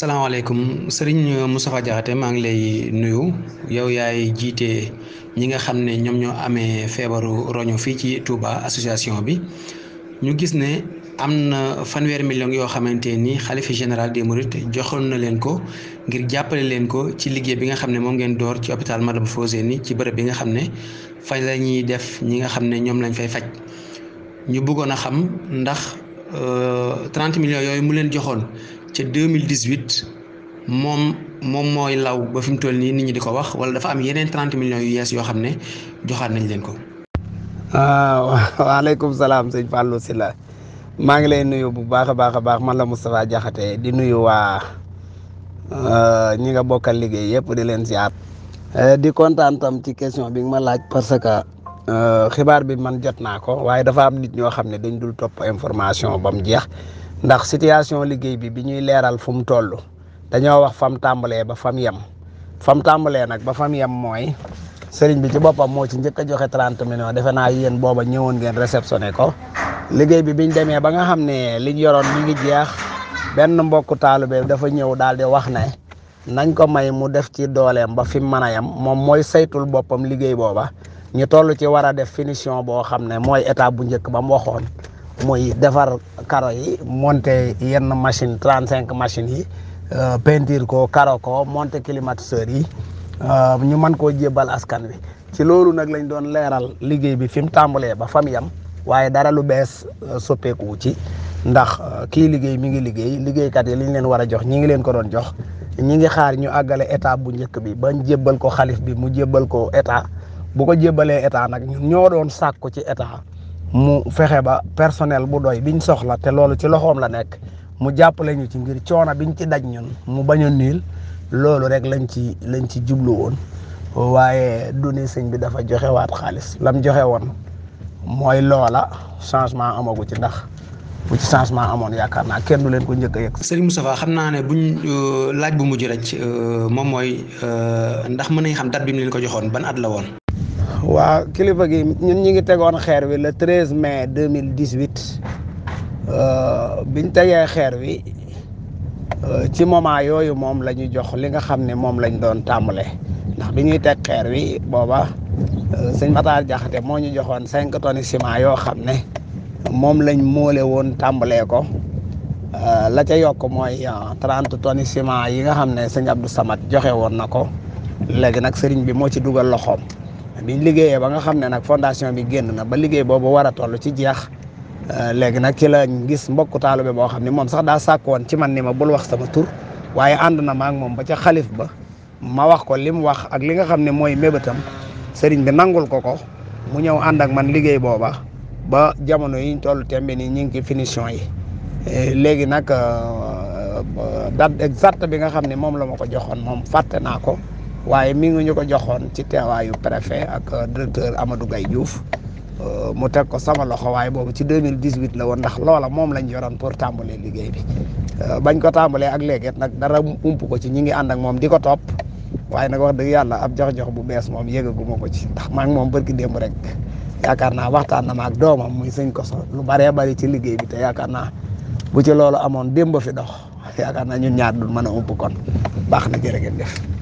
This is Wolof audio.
salaamaaleykum sëriñ Moustapha Diakhaté maa ngi lay nuyu yow yaay jiite ñi nga xam ne ñoom ñoo amee feebaru roño fii ci Touba association bi ñu gis ne am na fanweeri million yoo xamante ni xalifa général des Mourides joxoon na leen ko ngir jàppale leen ko ci liggéey bi nga xam ne moom ngeen door ci hôpital Matlaboul Fawzeyni ci bërëb bi nga xam ne fañ la ñuy def ñi nga xam ne ñoom lañ fay faj ñu buggoon a xam ndax 30 euh, millions yooyu mu leen joxoon. ca 2018 moom moom mooy law ba fi mu toll nii nit ñi di ko wax wala dafa am yeneen 30 millions yu yees yoo xam ne joxaat nañ leen ko. Ah, waaleykum salaam sëñ Fallou Sylla maa ngi lay nuyu bu baax a baax a baax man la Moustapha Diakhaté di nuyu waa euh, ñi nga bokkal liggéey yëpp di leen ziar. Euh, di kontaan ci question bi ma laaj parce que euh, xibaar bi man jot naa ko waaye dafa am nit ñoo xam ne dañ dul topp information ba jeex ndax situation liggéey bi bi ñuy leeral fu mu toll dañoo wax fam tàmbalee ba fam yem fam tàmbalee nag ba fam yem mooy sëriñ bi ci boppam moo ci njëkk a joxe trent millions defe naa yéen booba ñëwoon ngeen réceptionné ko liggéey bi bi ñu demee ba nga xam ne liñ yoroon mi ngi jeex benn mbokku taalibe dafa ñëw daal di wax ne nañ ko may mu def ci dooleem ba fi mu mën a yem moom mooy saytul boppam liggéey booba ñu toll ci war a def finition boo xam ne mooy étape bu njëkk ba mu waxoon muy defar karo yi monter yenn machine trente cinq machines yi euh, peinture ko karo ko monter climatiseur yi euh, ñu mën koo jébal askan wi ci loolu nag lañ doon leeral liggéey bi fi mu tàmbalee ba fa yam waaye dara lu bees euh, soppeeku ci ndax kii liggéey mi ngi liggéey liggéeykat yi liñ leen war a jox ñi ngi leen ko doon jox ñi ngi xaar ñu àggale état bu njëkk bi ba jébbal ko xalif bi mu jébbal ko état bu ko jébbalee état nag ñun ñoo doon sàkku ci état mu fexe ba personnel bu doy biñ soxla te loolu ci loxoom la nekk mu jàppale ñu ci ngir coono biñ ci daj ñun mu bañ a niil loolu rek lañ ci lañ ci jublu woon waaye du ni sëñ bi dafa joxe waat xaalis lam joxe woon mooy loola changement amagu ci ndax bu ci changement amoon yaakaar naa kenn du leen ko njëkk a yegg. Serigne xam naa ne buñ euh, laaj bu mujj rek euh, moom mooy euh, ndax mën nañ xam date bi mu leen ko joxoon ban at la woon. waa kilifa gi ñun ñi ngi tegoon xeer wi le treize mais deux mille dix huit euh, biñ tegee xeer wi euh, ci moment yooyu moom la ñu jox li nga xam ne moom lañ doon tàmbale ndax bi ñuy teg xeer wi booba euh, sëñ Matar Jaxate moo ñu joxoon cinq tonnes ciment yoo xam ne moom lañ moole woon tàmbalee ko la ca yokk mooy trente tonnes ciment yi nga xam ne sëñ Abdou samat joxe woon na ko léegi nag sëriñ bi moo ci dugal loxoom. biñ liggéeyee ba nga xam ne nag fondation bi génn na ba liggéey boobu war a toll ci jeex euh, léegi nag ci la gis mbokku taalibe boo xam ne moom sax daa sàkkoon ci man ne ma bul wax sama tur waaye ànd na ma moom ba ca xalif ba ma wax ko li mu wax ak li nga xam ne mooy mébétam sëriñ bi nangul ko ko mu ñëw ànd ak man liggéey booba ba jamono yi ñu toll tembe nii ñu ngi ci finition yi euh, léegi nag euh, date exacte bi nga xam ne moom la ma ko joxoon moom fàtte naa ko waaye mi ngi ñu ko joxoon ci teewaayu préfet ak euh, directeur Amadou Gaye Diouf euh, mu teg ko sama loxo waaye boobu ci 2018 la woon ndax loola moom lañ yoroon pour tàmbalee liggéey bi euh, bañ ko tàmbalee ak léegi nag dara ump ko ci ñi ngi ànd ak moom di ko topp waaye nag wax dëgg yàlla ab jox-jox bu bees moom yëgaguma ko ci ndax maa ngi moom bërki démb rek yaakaar naa waxtaan na ma ak doomam mu sëñ ko so lu baree bari ci liggéey bi te yaakaar naa bu ci loolu amoon démb fi dox yaakaar naa ñun ñaar du mën a ump baax na jërë def